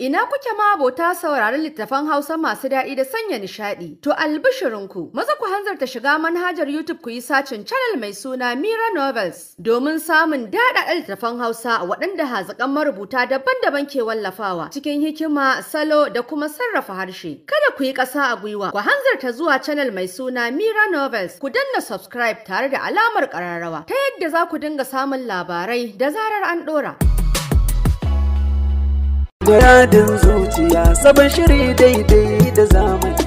Ina kuke ma abota saurari littafan Hausa masu daɗi da sanya nishaɗi. To albishirinku, maza ku hanzarta shiga manhajar YouTube ku yi sacin channel mai suna Mira Novels domin samun daɗaɗa littafan Hausa waɗanda hazaƙan marubuta daban-daban ke wallafawa cikin hikima, salo da kuma sarrafa harshe. Kada ku yi ƙasa a gwiwa, ku hanzarta zuwa channel mai suna Mira Novels, ku danna subscribe tare da alamar ƙararrawa ta yadda za ku dinga samun labarai da zarar an ɗora. Muradin zuciya sabon shiri daidai da zamani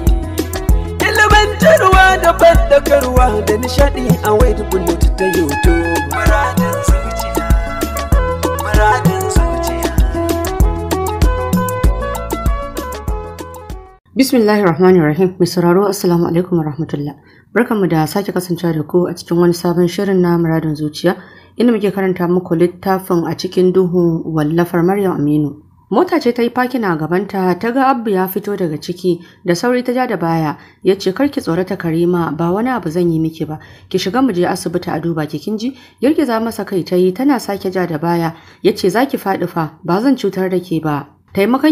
Ilimantarwa da faddakarwa da nishadi a wade bullet ta YouTube Muradin zuciya Muradin zuciya Bismillahir Rahmanir Rahim Mai sauraro Assalamu alaikum wa rahmatullah Barkanmu da sake kasancewa da ku a cikin wani sabon shirin na muradin zuciya inda muke karanta muku littafin a cikin duhu wallafar Maryam Aminu Mota ce ta yi fakin a gabanta ta ga Abba ya fito daga ciki da sauri ta ja da baya ya ce ki tsorata Karima ba wani abu zan yi miki ba ki shiga mu je asibiti a duba ki kinji girgiza masa kai ta yi tana sake ja da baya ya ce zaki faɗi fa ba zan cutar da ke ba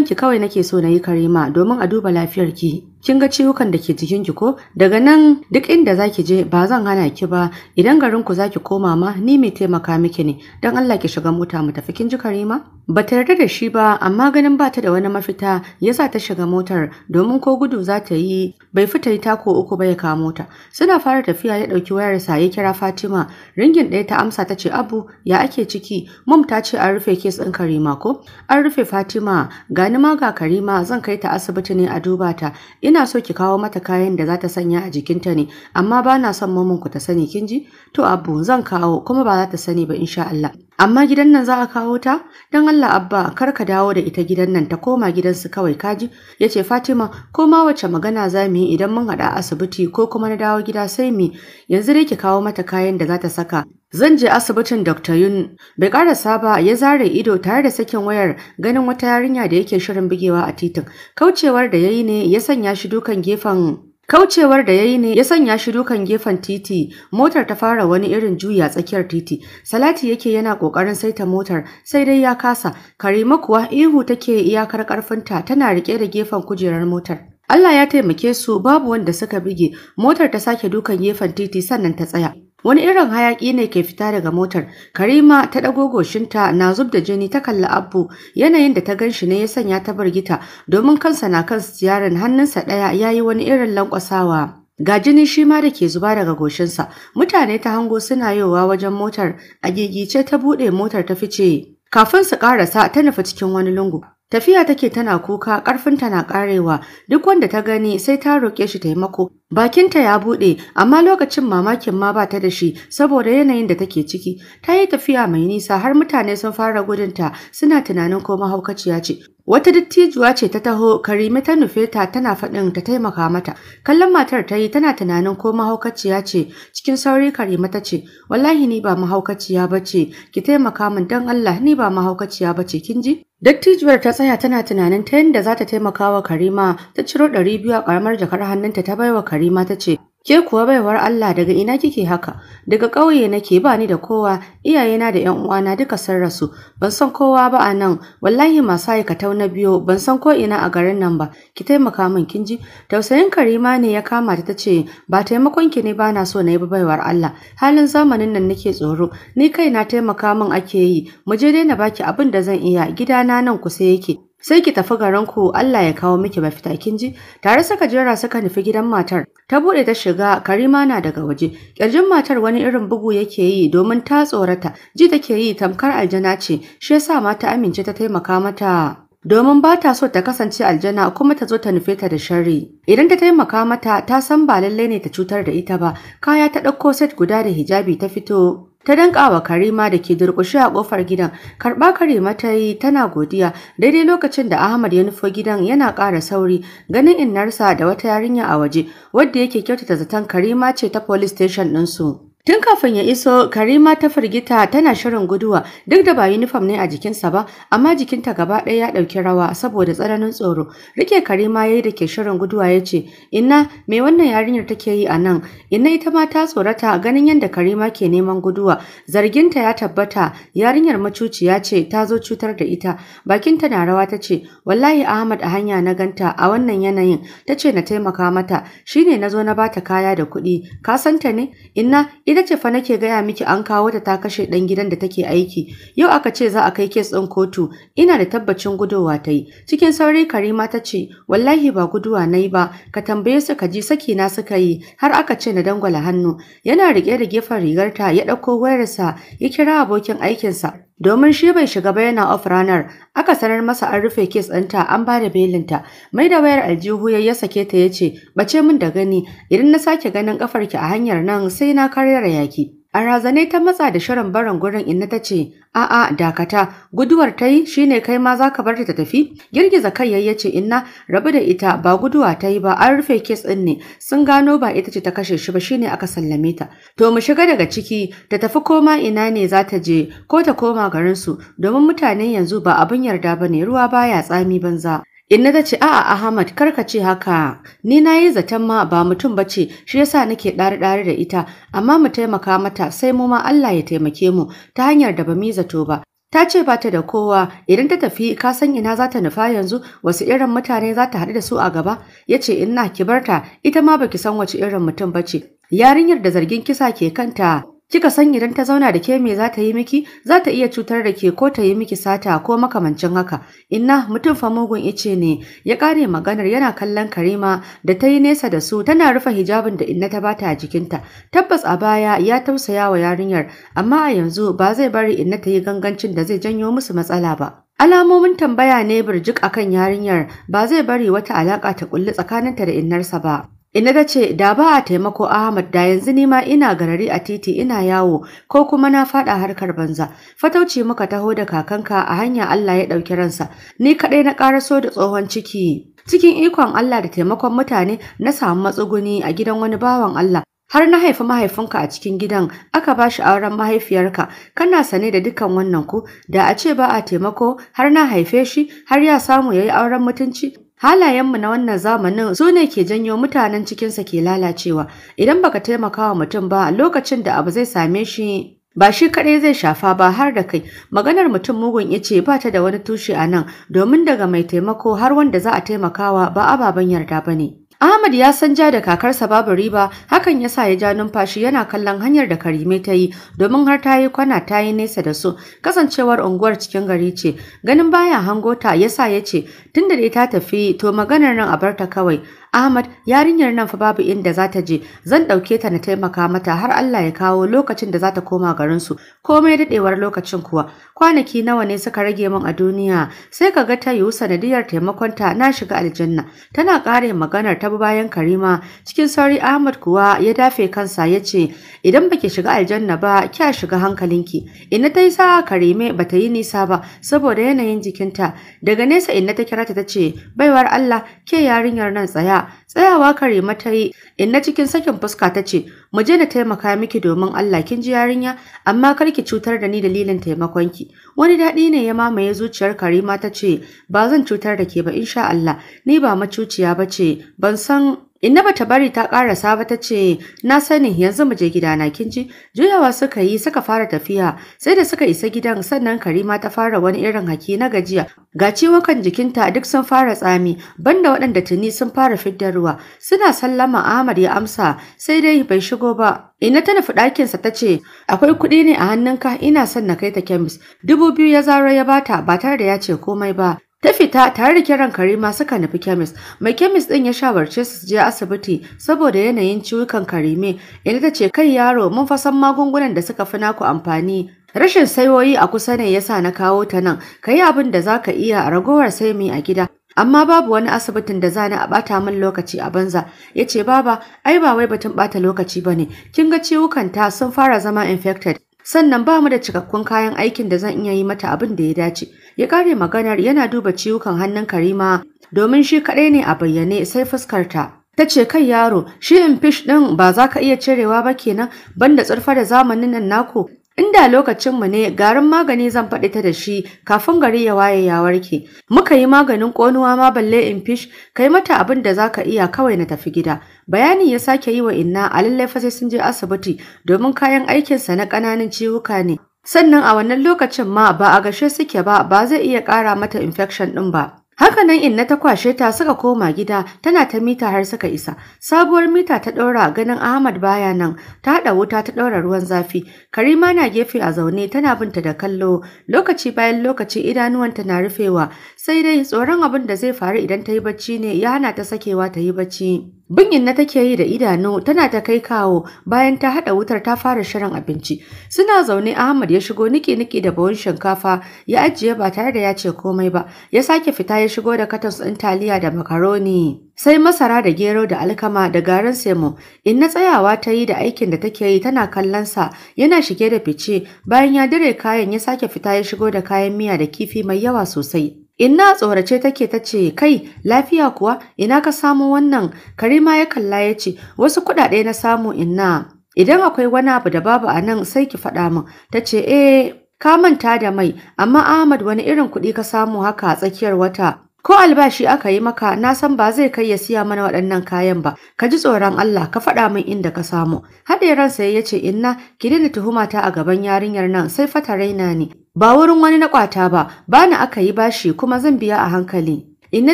ki kawai nake so na yi Karima domin a duba lafiyar ki. kin ga ciwukan da ke jikin ki ko daga nan duk inda zaki je ba zan hana ki ba idan garin ku zaki koma ma ni mai taimaka miki ne dan Allah ki shiga mota mu tafi kin ji Karima ba ta yarda da shi ba amma ganin ba ta da wani mafita yasa ta shiga motar domin ko gudu za ta yi bai fita ta tako uku ba ya kamo mota. suna fara tafiya ya dauki wayar sa ya kira Fatima ringin ɗaya ta amsa ta ce Abu ya ake ciki mum ta ce an rufe kes ɗin Karima ko an rufe Fatima gani ma ga Karima zan kai ta asibiti ne a duba ta ina so ki kawo mata kayan da za ta sanya a jikinta ne amma ba na son ku ta sani kin ji to abu zan kawo kuma ba za ta sani ba insha Allah amma gidan nan za a kawo ta dan Allah abba kar ka dawo da ita gidan nan ta koma gidan su kawai kaji yace Fatima ko ma wace magana za mu yi idan mun hada asibiti ko kuma na dawo gida sai mu yanzu dai ki kawo mata kayan da za ta saka Zan je asibitin Dr. Yun. Bai ƙarasa ba ya zare ido tare da sakin wayar ganin wata yarinya da yake shirin bugewa a titin. Kaucewar da ya yi ne ya sanya shi dukan gefen Kaucewar da ya ne ya sanya shi dukan gefen titi, motar ta fara wani irin juya tsakiyar titi. Salati yake yana ƙoƙarin saita motar, sai dai ya kasa. Karima kuwa ihu take iyakar ƙarfinta tana riƙe da gefen kujerar motar. Allah ya taimake su babu wanda suka bige, motar ta sake dukan gefen titi sannan ta tsaya. Wani irin hayaƙi ne ke fita daga motar. Karima ta ɗago goshinta na zub da jini ta kalli abu. Yanayin da ta gan shi ne ya sanya ta gita domin kansa na kan siyarin hannunsa ɗaya ya yi wani irin lankwasawa. Ga jini shi ma da ke zuba daga goshinsa. Mutane ta hango suna yowa wajen motar. A gigice ta buɗe motar ta fice. Kafin su ƙarasa ta nufi cikin wani lungu. Tafiya take tana kuka, ƙarfinta na ƙarewa, duk wanda ta gani sai ta roƙe shi taimako. Bakinta ya buɗe, amma lokacin mamakin ma ba ta da shi saboda yanayin da take ciki. Ta yi tafiya mai nisa har mutane sun fara gudunta suna tunanin ko mahaukaciya ce. Wata dattijuwa ce ta taho, Karime ta nufe ta tana faɗin ta taimaka mata. Kallon matar ta yi tana tunanin ko mahaukaciya ce, cikin sauri Karime ta ce, "Wallahi ni ba mahaukaciya ba ce, ki taimaka min don Allah ni ba mahaukaciya ba ce, kin ji?" Dattijuwar ta tsaya tana tunanin ta yadda za ta taimaka wa Karima ta ciro ɗari biyu a ƙaramar jakar hannunta ta baiwa Karima ta ce Ke kuwa baiwar Allah daga ina kike haka? Daga ƙauye nake ba ni da kowa, iyayena da ƴan uwana duka sun rasu. Ban san kowa ba a nan, wallahi masu aikatau na biyo, ban san ko ina a garin nan ba. Ki taimaka min kin ji? Tausayin Karima ne ya kama ta tace, ba taimakon ki ne na so na yi baiwar Allah. Halin zamanin nan nake tsoro, ni kaina taimaka min ake yi. Mu je dai na baki abin da zan iya, gidana nan kusa yake. sai ki tafi garinku Allah ya kawo miki mafita kin ji tare saka jera suka nufi gidan matar ta bude ta shiga Karima na daga waje kirjin matar wani irin bugu yake yi domin ta tsorata ji take yi tamkar aljana ce shi yasa ma ta amince ta taimaka mata domin ba ta so ta kasance aljana kuma ta zo ta nufe ta da sharri. Idan ta taimaka mata ta san ba lallai ne ta cutar da ita ba, kaya ta ɗauko set guda da hijabi ta fito ta danka Karima da ke durƙushe a ƙofar gidan. Karɓa Karima ta yi tana godiya daidai lokacin da Ahmad ya nufo gidan yana ƙara sauri ganin innarsa da wata yarinya a waje wadda yake kyautata zaton Karima ce ta police station ɗinsu. Tun kafin ya iso, Karima ta firgita tana shirin guduwa duk da ba uniform ne a jikinsa ba, amma jikinta gaba ɗaya ya ɗauki rawa saboda tsananin tsoro. Rike Karima ya yi da ke shirin guduwa ya ce, Inna, me wannan yarinyar take yi a nan? ina ita ma ta tsorata ganin yadda Karima ke neman guduwa. Zarginta ya tabbata, yarinyar macuciya ce ta zo cutar da ita. Bakinta na rawa ta ce, Wallahi Ahmad a hanya na ganta a wannan yanayin, ta ce na taimaka mata, shine na zo na bata kaya da kuɗi, ka santa ne? Ina, Ita ce fa nake gaya miki an kawo ta ta kashe ɗan gidan da take aiki. Yau aka ce za a kai kes ɗin kotu. Ina da tabbacin guduwa ta yi. Cikin sauri Karima ta ce, "Wallahi ba guduwa na yi ba, ka tambaye su ka ji saki na suka yi har aka ce na dangwala hannu." Yana riƙe da gefen rigarta ya ɗauko wayarsa ya kira abokin aikinsa domin shi bai shiga ba yana off ranar aka sanar masa an rufe kes ɗinta an ba da belinta mai da wayar aljihu ya ya sake ta yace ce bace min da gani idan na sake ganin ƙafarki a hanyar nan sai na karyar yaki A razane ta matsa da shirin barin gurin inna ta ce, "A'a, dakata, guduwar ta yi shine kai ma za ka bar ta tafi?" Girgiza kai ya ce, "Inna, rabu da ita ba guduwa ta yi ba, an rufe kes ɗin ne, sun gano ba ita ce ta kashe shi ba shine aka sallame ta." To mu shiga daga ciki, ta tafi koma ina ne za ta je ko ta koma garinsu domin mutane yanzu ba abin yarda ba ne, ruwa baya tsami banza. Inna ta ce a'a Ahmad kar ka ce haka ni na yi zaton ma ba mutum ba ce shi sa nake ɗari-ɗari da ita amma mu taimaka mata sai mu ma Allah ya taimake mu ta hanyar da ba mi zato ba Ta ce ba ta da kowa idan ta tafi ka san ina za ta nufa yanzu wasu irin mutane za ta haɗu da su a gaba ya ce ina ki barta ita ma baki san wace irin mutum ba ce yarinyar da zargin kisa ke kanta Kika san idan ta zauna da ke me za ta yi miki, za ta iya cutar da ke ko ta yi miki sata ko makamancin haka. Inna mutum fa mugun ice ne, ya kare maganar yana kallon Karima da ta yi nesa da su tana rufe hijabin da Inna ta bata a jikinta. Tabbas a baya ya tausaya wa yarinyar, amma a yanzu ba zai bari Inna ta yi gangancin da zai janyo musu matsala ba. Alamomin tambaya ne birjik akan yarinyar ba zai bari wata alaƙa ta kulli tsakaninta da innarsa ba. Ina da ce da ba a taimako Ahmad da yanzu nima ina garari a titi ina yawo ko kuma na fada harkar banza. Fatauci muka taho da kakanka a hanya Allah ya ɗauki ransa. Ni kaɗai na so da tsohon ciki. Cikin ikon Allah da taimakon mutane na samu matsuguni a gidan wani bawan Allah. Har na haifi mahaifinka a cikin gidan aka ba shi auren mahaifiyarka kana sane da dukkan wannan ku da a ce ba a taimako har na haife shi har ya samu ya yi auren mutunci Halayenmu na wannan zamanin su ne ke janyo mutanen cikinsa ke lalacewa. Idan baka taimaka wa mutum ba lokacin da abu zai same shi ba shi kaɗai zai shafa ba har da kai maganar mutum mugun ya ce ba ta da wani tushe a nan domin daga mai taimako har wanda za a taimakawa ba ababen yarda ba ne Ahmad ya san ja da kakarsa babu riba, hakan ya sa ya ja numfashi yana kallon hanyar da Karime ta yi, domin har ta yi kwana ta yi nesa da su, kasancewar unguwar cikin gari ce. Ganin baya hangota, ta ya sa ya ce, tun da dai ta tafi to maganar nan a barta kawai. Ahmad yarinyar nan fa babu inda za ta je zan ɗauke ta na taimaka mata har Allah ya kawo lokacin da za ta koma su komai dadewar lokacin kuwa kwanaki nawa ne suka rage min a duniya sai ka ga ta yiwu sanadiyar ta na shiga aljanna tana kare maganar ta bayan Karima cikin sauri Ahmad kuwa ya dafe kansa ya ce idan baki shiga aljanna ba kya shiga hankalinki inna ta yi sa Karime bata yi nisa ba saboda yanayin jikinta daga nesa inna ta kira ta ce baiwar Allah ke yarinyar nan tsaya tsayawa Karima ta yi inna cikin sakin fuska ta ce mu je na taimaka miki domin Allah kin ji yarinya amma kar ki cutar da ni dalilin taimakonki wani daɗi ne ya mamaye zuciyar Karima ta ce ba zan cutar da ke ba insha Allah ni ba macuciya bace. ban san Inna bata bari ta karasa ba tace na sani yanzu mu je gidana kin ji juyawa suka yi suka fara tafiya sai da suka isa gidan sannan Karima ta fara wani irin haki na gajiya ga ciwon jikinta duk sun fara tsami banda waɗanda tuni sun fara fidda ruwa. suna sallama Ahmad ya amsa sai dai bai shigo ba Ina ta nufi ɗakinsa ta ce, Akwai kuɗi ne a hannunka ina son na kai ta kemis. Dubu biyu ya zaro ya bata ba tare da ya ce komai ba. Ta fita tare da kiran Karima suka nufi kemis. Mai kemis din ya shawarce su je asibiti saboda yanayin ciwukan Karime. Ina ta ce kai yaro mun fasan magungunan da suka fi naku amfani. Rashin sayoyi a kusa ne yasa na kawo ta nan. Ka yi abin da za ka iya a ragowar sai mu a gida. amma babu wani asibitin da zani a bata min lokaci a banza yace baba ai ba wai batun bata lokaci bane kin ga ciwukan ta sun fara zama infected sannan ba mu da cikakkun kayan aikin da zan iya yi mata abin da ya dace ya kare maganar yana duba ciwukan hannun karima domin shi kaɗai ne a bayyane sai fuskarta ta ce kai yaro shi in fish ɗin ba za ka iya cirewa ba kenan banda tsurfa da zamanin nan naku inda lokacinmu ne garin magani zan faɗi ta da shi kafin gari ya waye ya warke muka yi maganin ƙonuwa ma balle in fish kai mata abin da zaka iya kawai na tafi gida bayani ya sake yi wa inna a lallai fa sai sun je asibiti domin kayan aikinsa na ƙananan ciwuka ne sannan a wannan lokacin ma ba a gashe suke ba ba zai iya ƙara mata infection ɗin ba Haka nan inna ta kwashe ta suka koma gida tana ta mita har suka isa. Sabuwar mita ta ɗora ganin Ahmad baya nan ta haɗa wuta ta ɗora ruwan zafi. Karima na gefe a zaune tana binta da kallo lokaci bayan lokaci idanuwanta na rufewa sai dai tsoron abin da zai faru idan ta yi bacci ne ya hana ta sakewa ta yi bacci. Binyin na take yi da idanu tana ta kai kawo bayan ta haɗa wutar ta fara shirin abinci. Suna zaune Ahmad ya shigo niki-niki da bawon shinkafa ya ajiye ba tare da ya ce komai ba. Ya sake fita ya shigo da katas ɗin taliya da makaroni. Sai masara da gero da alkama da garin semo. In na tsayawa ta yi da aikin da take yi tana kallon sa yana shige da fice bayan ya dire kayan ya sake fita ya shigo da kayan miya da kifi mai yawa sosai. Inna tsorace take ta ce, Kai, lafiya kuwa, ina ka samu wannan? Karima ya kalla ya ce, Wasu kuɗaɗe na samu inna. Idan akwai wani abu da babu a nan sai ki faɗa min. Ta ce, Eh, ka manta da mai, amma Ahmad wani irin kuɗi ka samu haka a tsakiyar wata. Ko albashi aka yi maka na san ba zai kai ya siya mana waɗannan kayan ba, ka ji tsoron Allah ka faɗa min inda ka samu. Haɗe ransa ya ce inna ki daina tuhumata a gaban yarinyar nan sai fata raina ne. ba wurin wani na kwata ba ba bani aka yi bashi kuma zan biya a hankali Inna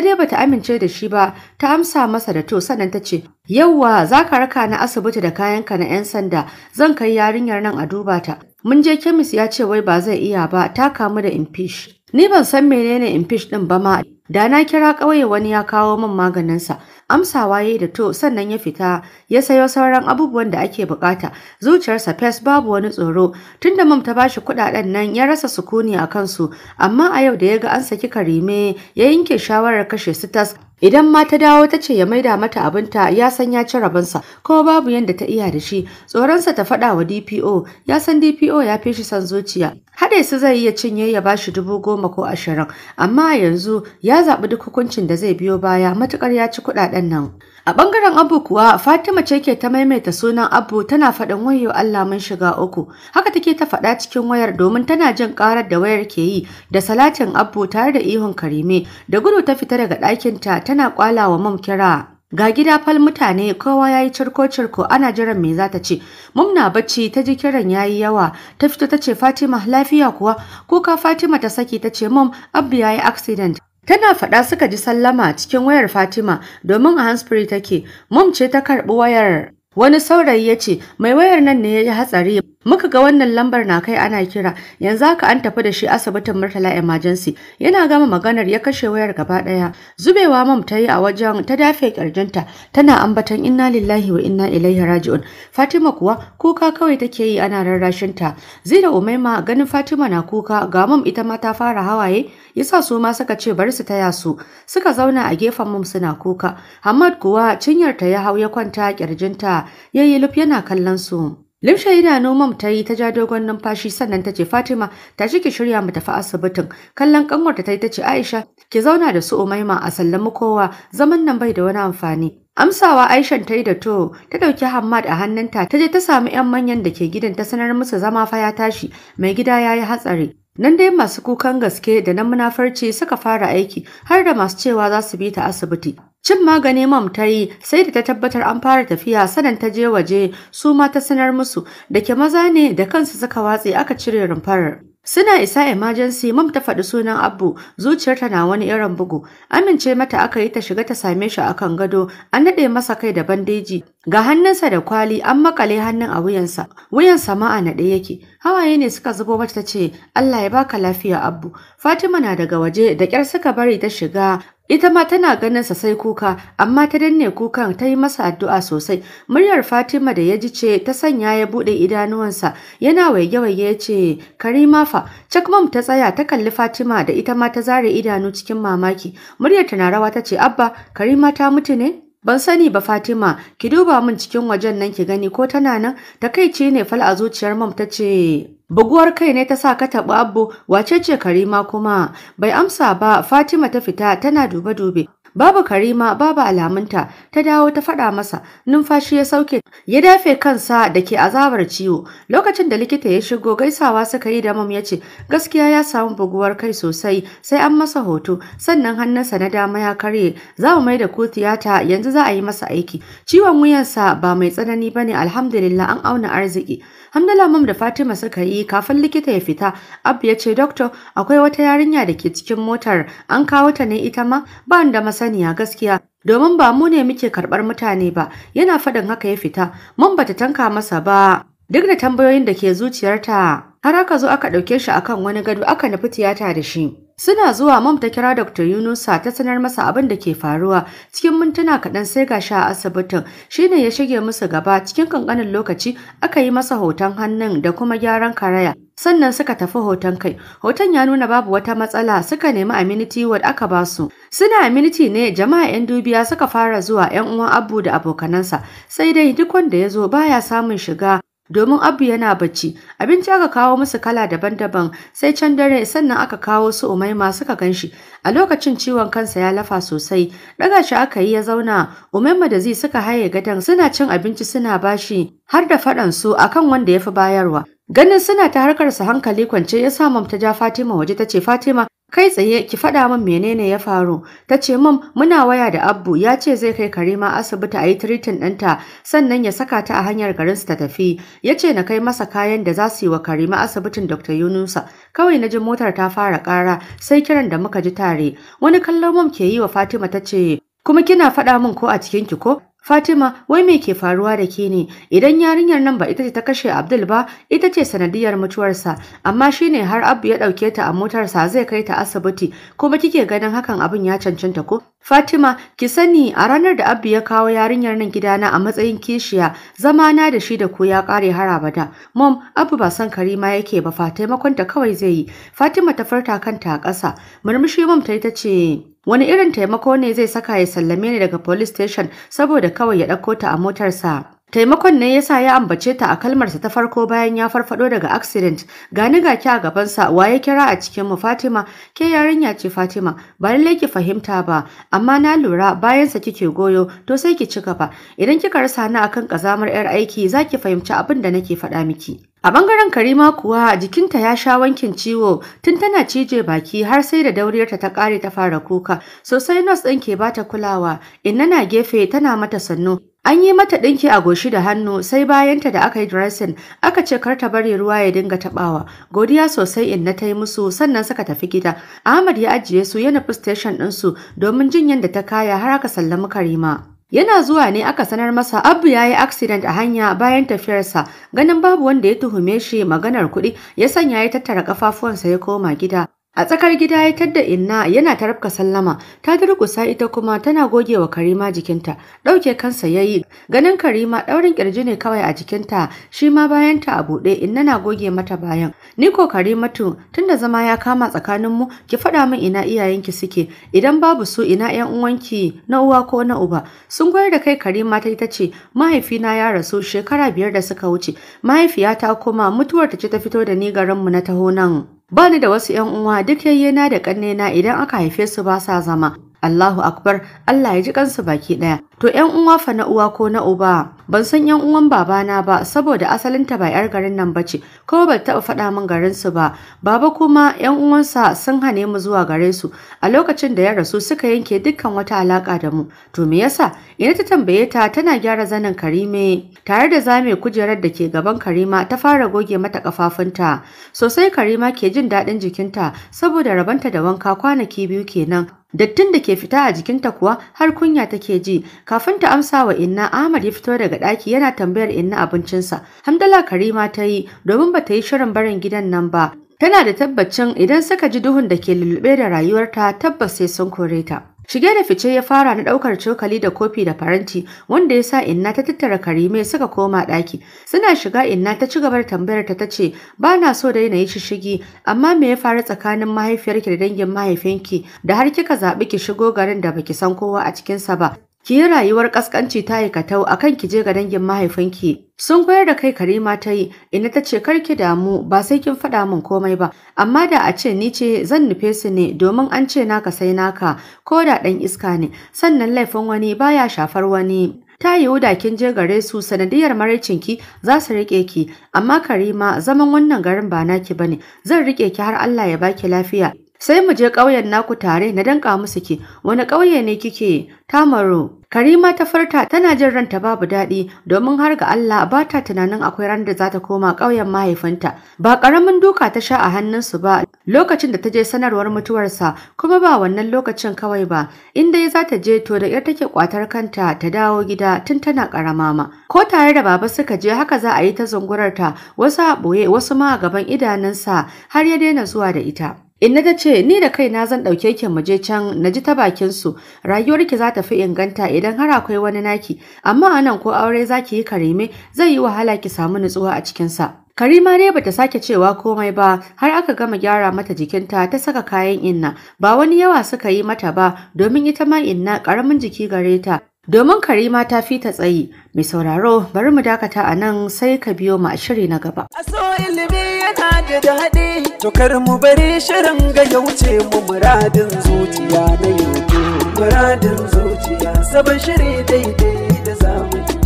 dai bata amince da shi ba, ta amsa masa da to sannan ta ce, "Yawwa, za ka raka na asibiti da kayanka na 'yan sanda, zan kai yarinyar nan a duba ta." Mun je kemis ya ce wai ba zai iya ba, ta kamu da impish. Ni ban san menene impish din ba ma, da na kira ƙauye wani ya kawo min maganinsa, amsawa yayi da to sannan ya fita ya sayo sauran abubuwan da ake bukata zuciyarsa fes babu wani tsoro tunda mam ta bashi kudaden nan ya rasa sukuni a kansu amma a yau da ya ga an saki karime ya yanke shawarar kashe su tas Idan ma ta dawo ta ce ya maida mata abinta ya san ya ci rabonsa ko babu yadda ta iya da shi tsoronsa ta faɗa wa DPO ya san DPO ya fi shi san zuciya haɗe su zai iya cinye ya ba shi dubu goma ko ashirin amma yanzu ya zaɓi duk hukuncin da zai biyo baya matuƙar ya ci kuɗaɗen waɗannan. A ɓangaren Abu kuwa Fatima ce ke ta maimaita sunan Abu tana faɗin wayo Allah mun shiga uku. Haka take ta faɗa cikin wayar domin tana jin ƙarar da wayar ke yi da salatin Abu tare da ihun Karime da gudu ta fita daga ɗakinta tana kwala wa mam kira. Ga gida fal mutane kowa ya yi cirko-cirko ana jiran me za ta ce. Mumna bacci ta ji kiran ya yi yawa ta fito ta ce Fatima lafiya kuwa kuka Fatima ta saki ta ce mum Abu ya yi accident. Tana faɗa suka ji sallama cikin wayar Fatima domin a hansfiri take. Mom ce ta karɓi wayar. Wani saurayi ya ce, mai wayar nan ne ya yi hatsari muka ga wannan lambar na kai ana kira yanzu haka an tafi da shi asibitin murtala emergency yana gama maganar ya kashe wayar gaba daya zubewa mam ta yi a wajen ta dafe kirjinta tana ambaton inna lillahi wa inna ilaihi raji'un fatima kuwa kuka kawai take yi ana rarrashin ta zira umaima ganin fatima na kuka ga mam ita ma ta fara hawaye yasa su ma suka ce bari su taya su suka zauna a gefen mam suna kuka hamad kuwa cinyarta ya hau ya kwanta kirjinta yayi luf yana kallon su limsha idanu mam ta yi ta ja dogon numfashi sannan ta ce Fatima ta ki shirya mu tafi asibitin. Kallon kanwarta ta yi ta ce Aisha ki zauna da su Umaima a sallamu kowa zaman nan bai da wani amfani. Amsawa Aishan ta yi da to, ta ɗauki Hammad a hannunta, ta je ta samu ‘yan manyan da ke gidan ta sanar musu zama fa ya tashi, mai gida ya yi hatsari. Nan dai masu kukan gaske da na munafarci suka fara aiki har da masu cewa za su bi ta asibiti. Cin magani mam ta yi sai da ta tabbatar an fara tafiya sanan ta je waje su ma ta sanar musu da ke maza ne da kansu suka watsi, aka cire rumfarar. Suna isa emergency mam ta faɗi sunan Abbu zuciyarta na wani irin bugu. Amince mata aka yi ta shiga ta same shi akan gado an naɗe masa kai da bandeji ga hannunsa da kwali an makale hannun a wuyansa wuyansa ma a naɗe yake. Hawaye ne suka zubo mata ta ce Allah ya baka lafiya Abbu. Fatima na daga waje da ƙyar suka bari ta shiga Ita ma tana ganinsa sai kuka, amma ta danne kukan ta yi masa addu'a sosai. Muryar Fatima da ya ji ce ta sanya ya buɗe idanuwansa, yana waige-waige ya ce, Karima fa, Cakmam ta tsaya ta kalli Fatima da ita ma ta zare idanu cikin mamaki. Muryar ta na rawa ta ce, Abba, Karima ta mutu ne? Ban sani ba Fatima, ki duba min cikin wajen nan ki gani ko tana nan, takaici ne fal a zuciyar mam ta ce Buguwar kai ne ta sa ka taɓa abu wace ce Karima kuma bai amsa ba Fatima ta fita tana dube-dube Babu Karima, babu alamunta, ta dawo ta faɗa masa, numfashi ya sauke, ya dafe kansa da ke azabar ciwo. Lokacin da likita ya shigo gaisawa suka yi da mum ya ce, gaskiya ya samu buguwar kai sosai, sai an masa hoto, sannan hannunsa na dama ya karye, za mu mai da ku tiyata yanzu za a yi masa aiki. Ciwon wuyansa ba mai tsanani bane alhamdulillah an auna arziki. Hamdala mam da Fatima suka yi kafin likita ya fita. Abba ya ce doctor akwai wata yarinya da ke cikin motar an kawo ta ne ita ma ba da masaniya gaskiya. Domin ba mu ne muke karɓar mutane ba yana faɗin haka ya fita mun bata tanka masa ba. Duk da tambayoyin da ke zuciyarta har aka zo aka ɗauke shi akan wani gado aka nufi tiyata da shi. Suna zuwa mam ta kira Dr. Yunusa ta sanar masa abin da ke faruwa cikin mintuna kaɗan sai ga sha asibitin shine ya shige musu gaba cikin kankanin lokaci aka yi masa hoton hannun da kuma gyaran karaya sannan suka tafi hoton kai hoton ya nuna babu wata matsala suka nemi aminiti wadda aka ba su suna aminiti ne jama'a yan dubiya suka fara zuwa yan uwan abu da abokanansa sai dai duk wanda ya zo baya samun shiga domin Abu yana bacci. Abinci aka kawo musu kala daban-daban sai can dare sannan aka kawo su Umaima suka ganshi. A lokacin ciwon kansa ya lafa sosai, daga shi aka yi ya zauna, Umaima da zai suka haye gadon, suna cin abinci suna bashi har da faɗan su akan wanda ya fi bayarwa. Ganin suna ta harkarsa hankali kwance ya sa mamta ja Fatima waje ta ce Fatima kai tsaye ki faɗa min menene ya faru ta ce min, muna waya da abbu ya ce zai kai karima asibiti a yi tiritin ɗinta sannan ya saka ta a hanyar garin ta tafi ya ce na kai masa kayan da za su yi wa karima asibitin dr yunusa kawai na ji motar ta fara ƙara sai kiran da muka ji tare wani kallon mum ke yi wa fatima ta ce kuma kina faɗa min ko a cikin ki ko Fatima, wai me ke faruwa da ke ne? Idan yarinyar nan ba ita ce ta kashe Abdul ba, ita ce sanadiyar mutuwarsa, amma shi ne har abu ya ɗauke ta a motarsa zai kai ta asibiti, kuma kike ganin hakan abin ya cancanta ko? Fatima, ki sani a ranar da Abbu ya kawo yarinyar nan gidana a matsayin kishiya, zama na da shi da ku ya kare har abada. Mom, abu ba san Karima yake ba fa taimakonta kawai zai yi. Fatima ta farta kanta a ƙasa, murmushi mom ta ce wani irin taimako ne zai saka ya sallame ni daga police station saboda kawai ya ɗauko ta a motarsa Taimakon ne ya sa ya ambace ta a kalmarsa ta farko bayan ya farfado daga accident. Gani ga ki a gabansa ya kira a cikin mu Fatima, ke yarinya ce Fatima, ba lalle ki fahimta ba, amma na lura bayan sa kike goyo to sai ki ci gaba. Idan kika rasa ni akan kazamar yar aiki zaki fahimci abin da nake faɗa miki. A ɓangaren Karima kuwa jikinta ya sha wankin ciwo tun tana cije baki har sai da dauriyarta ta kare ta fara kuka. Sosai nos ɗin ke bata kulawa, inna na gefe tana mata sannu. An yi mata ɗinki a goshi da hannu sai bayanta da aka yi dressing aka ce kar ta bari ruwa ya dinga taɓawa. Godiya sosai inna ta yi musu sannan suka tafi gida. Ahmad ya ajiye su ya nufi station ɗinsu domin jin yadda ta kaya har aka sallami Karima. Yana zuwa ne aka sanar masa Abu ya yi accident a hanya bayan tafiyarsa ganin babu wanda ya tuhume shi maganar kuɗi ya sanya ya tattara kafafuwansa ya koma gida A tsakar gida ya tadda Inna yana tarafka sallama, ta durkusa ita kuma tana goge wa Karima jikinta, ɗauke kansa yayi. Ganin Karima ɗaurin ƙirji ne kawai a jikinta, shi ma bayanta a buɗe Inna na goge mata bayan. Ni ko Karimatu, tunda zama ya kama tsakaninmu, ki faɗa min ina iyayenki suke, idan babu su ina ƴan uwanki na uwa ko na uba. Sun goyar da kai Karima ta ita ce, mahaifina ya rasu shekara biyar da suka wuce, mahaifiyata kuma mutuwar ta ce ta fito da ni garinmu na taho nan. bani da wasu ‘yan uwa duk yayyena da ƙannena idan aka haife su ba sa zama, Allahu akbar Allah ya ji kansu baki ɗaya. to ƴan uwa fa na uwa ko na uba ban san ƴan uwan babana ba saboda asalinta ba yar garin nan bace ko ba taɓa faɗa min garin su ba baba kuma ƴan uwansa sun hane mu zuwa gare su a lokacin da ya rasu suka yanke dukkan wata alaka da mu to me yasa ina ta tambaye ta tana gyara zanin Karime tare da zame kujerar da ke gaban Karima ta fara goge mata kafafunta sosai Karima ke jin daɗin jikinta saboda rabanta da wanka kwanaki biyu kenan Dattin da ke fita a jikinta kuwa har kunya take ji. Kafin ta amsa wa Inna Ahmad ya fito daga ɗaki yana tambayar Inna abincinsa. Hamdala Karima ta yi domin ba ta yi shirin barin gidan nan ba. Tana da tabbacin idan suka ji duhun da ke lulluɓe da rayuwarta tabbas sai sun kore ta. Shige da fice ya fara na ɗaukar cokali da kofi da faranti wanda ya sa inna ta tattara karime suka koma ɗaki. Suna shiga inna ta ci gaba tambayar ta tace ba na so da yana yi shigi amma me ya faru tsakanin mahaifiyarki da dangin mahaifinki da har kika zaɓi ki shigo garin da baki san kowa a cikinsa ba. ki yi rayuwar kaskanci ta yi katau kan ki je ga dangin mahaifinki sun koyar da kai karima ta yi ina ta ce karki damu ba sai kin faɗa min komai ba amma da a ce ni ce zan nufe su ne domin an ce naka sai naka ko da ɗan iska ne sannan laifin wani baya shafar wani ta yiwu da kin je gare su sanadiyar maraicinki za su rike ki amma karima zaman wannan garin ba naki ne. zan rike ki har Allah ya baki lafiya Sai mu je ƙauyen naku tare na danƙa musu ke, wani ƙauye ne kike tamaro. Karima ta farta tana jin ranta babu daɗi domin har ga Allah ba ta tunanin akwai ran da za ta koma ƙauyen mahaifinta. Ba ƙaramin duka ta sha a hannunsu ba lokacin da ta je sanarwar mutuwarsa kuma ba wannan lokacin kawai ba inda ya za ta je to da 'yar take kwatar kanta ta dawo gida tun tana ƙarama ma. Ko tare da baba suka je haka za a yi ta zungurarta wasu a ɓoye wasu ma a gaban idanunsa har ya daina zuwa da ita. Inna ta ce, Ni da kaina zan ɗauke ki muje can na ji ta bakinsu, su, rayuwarki za ta fi inganta idan har akwai wani naki, amma anan ko aure za ki yi karime zai yi wahala ki samu nutsuwa a cikinsa. Karima dai bata sake cewa komai ba har aka gama gyara mata jikinta ta saka kayan inna ba wani yawa suka yi mata ba domin ita ma inna karamin jiki gare ta domin Karima ta fi ta tsayi mai sauraro bari mu dakata a nan sai ka biyo mu a shiri na gaba. A so ilimi yana da daɗi tukar mu bari shirin ga wuce mu muradin zuciya na yauke muradin zuciya sabon shiri daidai da zamani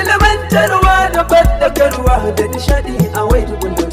Ilmantarwa da fadakarwa da nishadi a wai